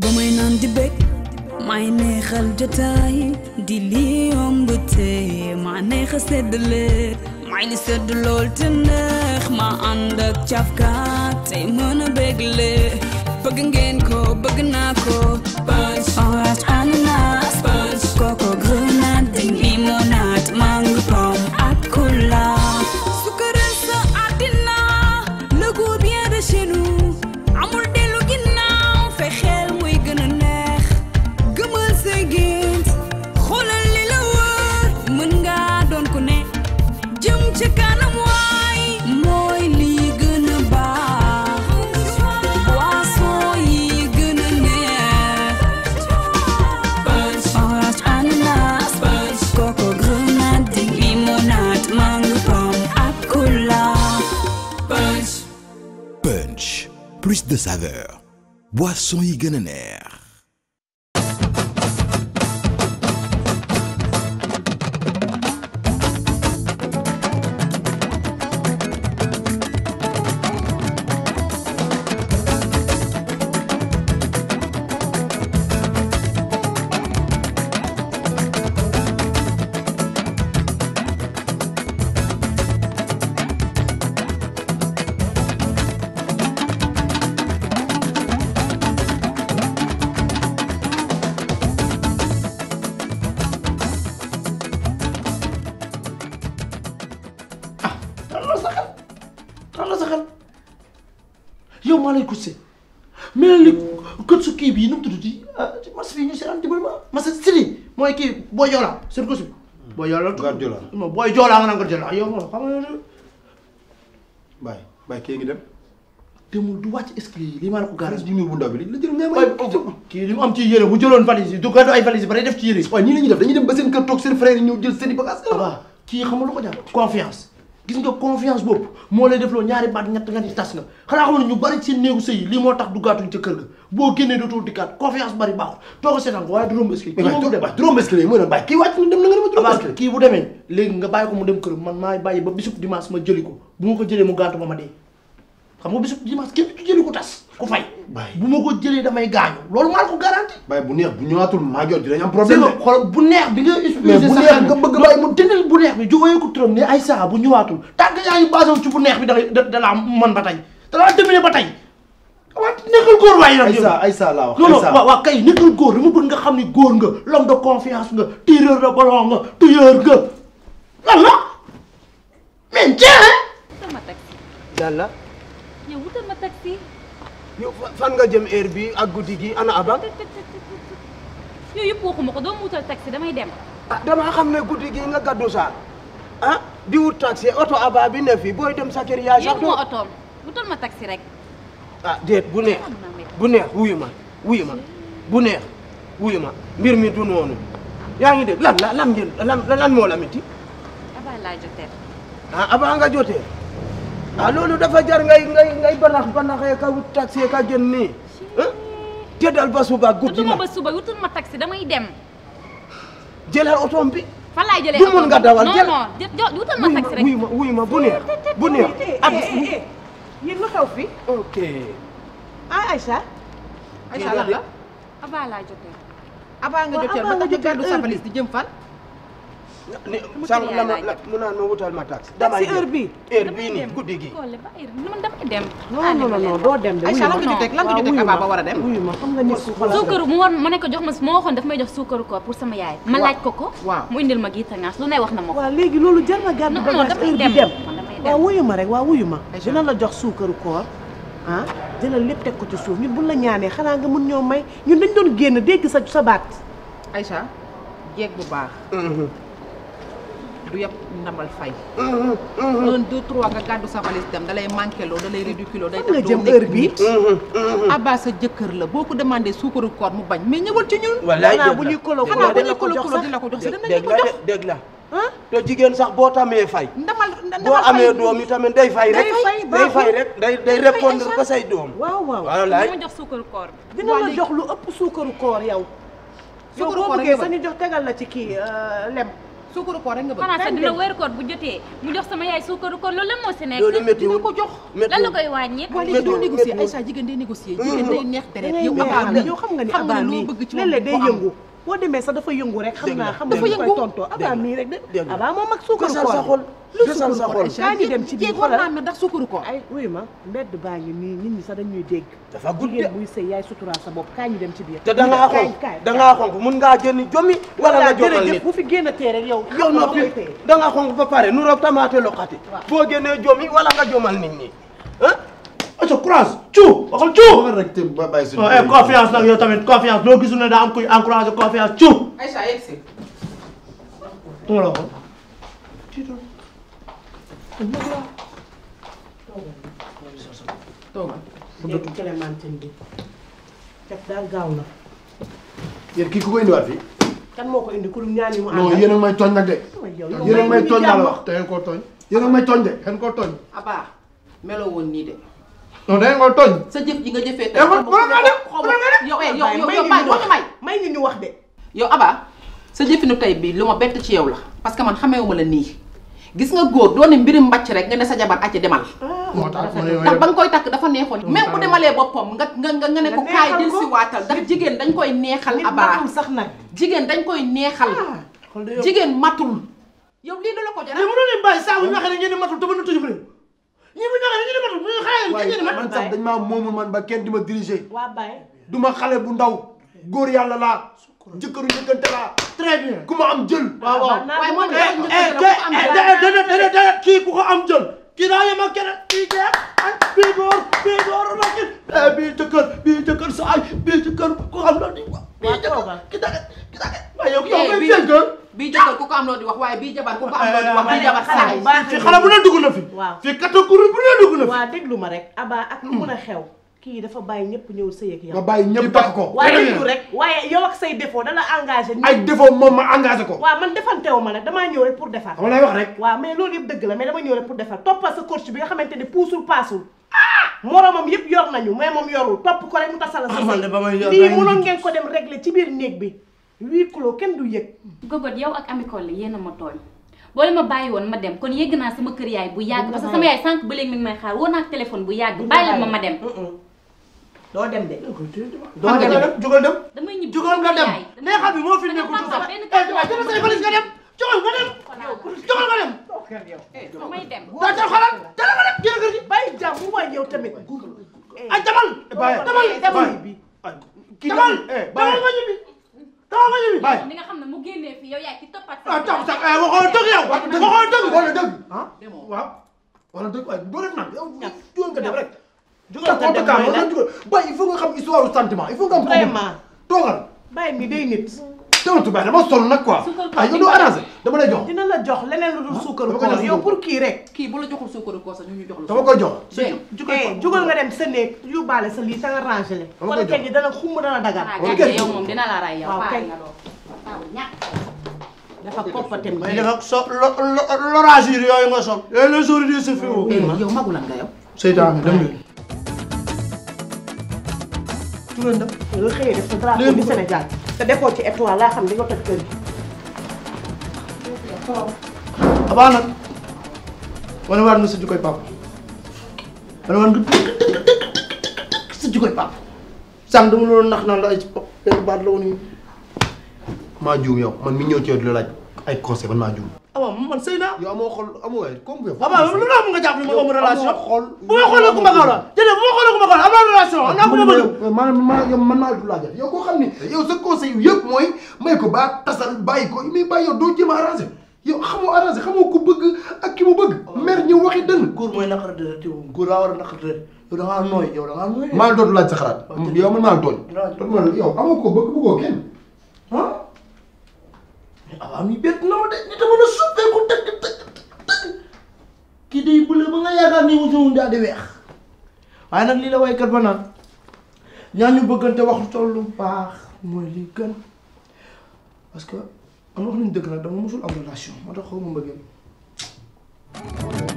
ba may naan di bég may neexal jotaay di lii yomb te ma neexa seddale may li sedd lool te neex ma ànd ak cafka te mën a bégle bëgg plus de saveur boisson yi gën a neex maa lay courser mais li kii bii nu mu tudd ah, ci marché bi ñu seetaan mooy kii booy Joola seen kër su booy Joola Joola non booy Joola nga naan gar Joola yow xam nga bay bay kii ngi dem demul du wàcc escalier yi lii maa la ko garage bi ñu bu ndaw bi la jël ngay kii li mu am ci yére bu jëloon valise du gàddu ay valise yi def ci yére waaw ah, kii xamul lu ko jàpp confiance gis nga confiance boobu moo lay defloo ñaari baat ñett nga ni tas nga xanaa xam ne ñu bari seen néegu sëy lii moo tax duggaatuñ ca kër ga boo génnee dootoo dikkaat confiance bari baaxul toog a seetaan ko waaye du romb escalier waaw du romb escalier mooy lan bàyyi kii nga dem a romb escalier kii bu demee léegi nga bàyyi ko mu dem kër man maa bàyyi ba bisub dimanche ma jëli ko bu ma ko jëlee mu gàntu ma ma dee xam nga bisu dimanche képp ku jëli ko tas ku fay. bu ma ko jëlee damay gaañu loolu maa ko garanti. bu neex bi ñëwaatul maa jot dinañ am problème de. xool bu neex bi nga. mais nga bëgg bàyyi mu dindal bu neex bi jógee ko turam ne ay saa bu ñëwaatul tànk yaa ngi basé ci bu neex bi da da laa mën ba tey da laa terminé ba tey. waaw nekkal góor waaye nag. ay saa ay saa laa wax non non waaw waaw kay nekkal góor nga xam ni góor nga l'homme de confiance nga tireur de nga tueur nga lan la mais jeexee. yow wutal ma taxi. yow fan nga jëm heure bi ak guddi gi ana Abba. yooyu yëpp waxuma ko doo mu wutal taxi damay dem. ah damaa xam ne guddi gi nga gàddu saa ah di wut taxi oto Abba bi ne fi booy dem sa kër yaa sax. otoom wutal ma taxi rek. ah déet bu neex bu neex wuyu ma wuyu ma bu neex wuyu ma mbir mi du noonu yaa ngi dégg lan lan moo la miti. Abba laa jotee. ah Abba nga jotee. ah loolu dafa jar ngay ngay banax banaxee ka wut ka jën nii tëddal ba suba guddi na ba suba wutul ma taxi damay dem jëlal otoom bi fan laay jëlee du mun nga dawal jël non non wutal ma taxi bu neex bu neex ak yéen lu xew fi ok ah Aïcha di jëm fan sànq la ma la mu naan ma wutal ma taxi. damay heure bii heure bii guddi gi. man damay dem. non non non doo dem de. Aïcha lan nga jotee lan nga jotee ah, Abba ba war a dem. xam nga nit ku xoolal suukaru mu woon ma ne ko jox ma ma waxoon daf ko pour sama yaay. ma laaj ko ko. waaw mu indil ma a tangaas lu ne wax na ma ko. waaw léegi loolu jar na gàddu bagage heure bi dem waaw wuyu ma rek waaw wuyu ma. dina la jox suukaru koor ah lépp teg ko ci suuf ñun bu la ñaanee xanaa nga mun ñoo may ñun dañ doon génn dégg sa sa baat. Aïcha jeeg bu baax mm-hmm. du yëpp ndamal fay. un deux trois nga gàddu sa valise dem dalay manqué loo dalay ridiculé day tax doo nekk nit abaa sa jëkkër la boo ko demandé suukaru koor mu bañ mais ñëwal ci ñun. wallaay dëgg la bu ñuy kolo kolo ko jox sax dëgg la dëgg sax boo tamee fay. ndamal ndamal boo amee doom yi tamit day fay rek. day fay rek day day répondre ko say doom. waaw waaw wallaay dina ma jox suukaru koor. dina lu ëpp suukaru koor yow. suukaru koor yow boo la ci kii euh, lem. suukaru koor xanaa sax dina wér koor bu jotee mu jox sama yaay suukaru koor loolu lan moo si nekk. loolu ko jox. météo lan la koy wàññi. météo météo waaye négocier Aïcha jigéen day négocier. jigéen day neex deret yow abaa yow xam nga ni abaa naa xam nga dafa yëngu dafa lu sukkur ko écharge kaa dem ci biir xoolal jéeg ndax sukkur ko. ay wuyu ma mbedd baa ngi nii nit ñi sax dañuy dégg. sa bopp kaa ñu dem ci biir. te da ngaa xonk da ngaa xonk mun ngaa génn jomi. wala nga bu fi génn tee rek yow. yow ma fi ba pare nu roog tamaate loqati. waaw boo génnee jomi wala nga jomal nit ñi ah. aco courage cu waxal cu waxal rek te ba oh, eh, confiance nag yow tamit confiance loo gisul ne daa am kuy encouragé confiance cu toogal léegi Clémentine bi teg gaaw na. yéen kii ku ko indiwaat fii. kan moo ko indi ku ñaan yi mu àndal non yéen a may tooñ nag de. Oh, yéen may tooñ daal wax te koo tooñ. yéen may tooñ de ngeen koo tooñ. abaa meloo woon nii de. non da ngeen koo tooñ. sa jëf ji nga jëfee. tey eh, moom ma def yow eh, may may may ñu wax de. yow abaa sa jëfinu tey bii lu ma bett ci yow la parce que man xamewuma la nii. gis nga góor doone mbirim mbàcc rek nga ne sa jabar acca demal ah, moo tax ndax ba nga koy takk dafa neexoon même bu demalee boppam nga nga nga ne ko kaay dil si waatal ndax jigéen dañ koy neexal abaa sax nag jigéen dañ koy neexal ah, jigéen matul yow lii la la ko matul te na tëjub réew ñi bu ñu waxee ne ngeen matul bu ñu xaaral ngeen man sax dañ maa moomul man ba kenn di ma diriger du ma xale bu ndaw góor yàlla laa jëkkëru njëkkante laa. très bien ku ma am jël. waaw waaw waaye moom njëkk kii ku ko am jël. kii daa yem ak keneen kii jeex bii góor bii góor la kii. bii jëkkër bii jëkkër saa yi bii jëkkër ku am loo di wax. bii jëkkër ki da ki da waaye yow yow ngay jëkkër. bii jëkkër ku ko am loo di wax waaye bii jabar ku ko am loo di wax bii jabar saa yi. fii xale bu ne dugg na fi. waaw fii katakuru bu ne dugg na fi. waaw déglu ma rek Aba ak lu mën a xew kii dafa bàyyi ñëpp ñëw sëy ak yow. nga bàyyi ñëpp takk ko waaye rek waaye yow ak say défaut dana engagé. ay défaut moom ma engagé ko. waaw man defanteewu ma nag damaa ñëw rek pour defar. dama lay wax rek. waaw mais loolu yëpp dëgg la mais dama ñëw rek pour defar toppal sa coach bi nga xamante ni puusul paasul. moromam yëpp yor nañu mais moom yorul topp ko rek mu tasala sa ah, sëy. lii mënoon ngeen ko dem régler ci biir néeg bi. huit kilos kenn du yëg. gogot yow ak amicole yéen a ma tooñ. boo leen ma bàyyi woon ma dem kon yegg naa sama kër yaay bu yàgg parce que sama yaay sànq ba léegi mi ngi may xaar woon naa téléphone bu yàgg bàyyi la ma ma dem doo dem de. doo dem jugal dem. damay ñibbi jugal nga dem. neexal bi moo fi nekkul tout ça waaw jëlal say valise nga dem jugal nga dem. Eh, jugal nga dem. damay dem. daa ca xoolal jëlal nga dem jëlal gi. bàyyi jàmm mu waay yow tamit. Eh. ay demal. Eh, demal demal demal demal nga ñibbi. taw nga ñibbi bàyyi. li nga xam ne mu génnee fii yow yaa ci toppat. ah taw sax waxoo dëgg yow. waxoo dëgg wala dëgg. ah waaw wala dëgg waaye doo def naan yow. jugal nga dem rek. jugal te dem mooy lan bay il faut nga xam histoire du sentiment il faut nga am. vraiment toogal. bay mi day nit. teewlu tubaab dama sonn nag quoi. ah yow doo arrangé dama lay jox. dina la jox leneen lu dul ah, suukaru koos yow pour kii rek. kii bu la joxul suukaru koos ñu ñu jox la. dama koy jox. Eh, jugal nga dem sa néeg yóbbaale sa lii sa nga rangé le. dama koy jox kon dana xumb dana dagal. Ah, kon kenn yow moom dina la ray yow. waaw kay dafa koppatem. may def ak so lo lo l'orage yooyu nga sol. Eh, eh, yooyu la jour yi di suuf yow. yow magul nga yow. seytaane dem loolu nag nga xëyee def sa drapeau du Sénégal te defoo ci étoile di kër gi. abaa nag wane waar na sa jukkoy papa wane waar nga sa jukkoy papa nax naa la ay baat la woon maa juum yow man mi ñëw ci yow di la laaj ay conseil man maa juum awa ah man sëy naa. yow amoo xol amoo waay comme yow. waaw waaw lu la am nga jàpp ne ma am relation. xol bu ma xoolee ku ma kaw la déedéet bu ma xoolee ku ma kaw la am naa relation am naa ku ma bëgg. maanaam maanaam yow man maa la laajal yow koo xam ni yow sa conseil yëpp mooy may ko ba tasal bàyyi ko mais bàyyi yow doo jéem a arrangé yow xamoo arrangé xamoo ku bëgg ak ki mu bëgg. mer ñu waxi dënn. góor mooy naqar dëgg te góor laa war a naqar dëgg yow da ngaa nooy yow da ngaa nooy. maa dootu laaj sa xalaat. yow man maa la tooñ. yow amoo ko bëgg bëggoo kenn ah. mais awa mi bett na ma de yi wusuwuñ daal di weex waaye nag lii la waykat ba naan ñaan ñu bëggante waxtu tollu baax mooy li gën parce que am wax nañ dëgg nag dama mosul am relation moo tax xaw ma mbëggeel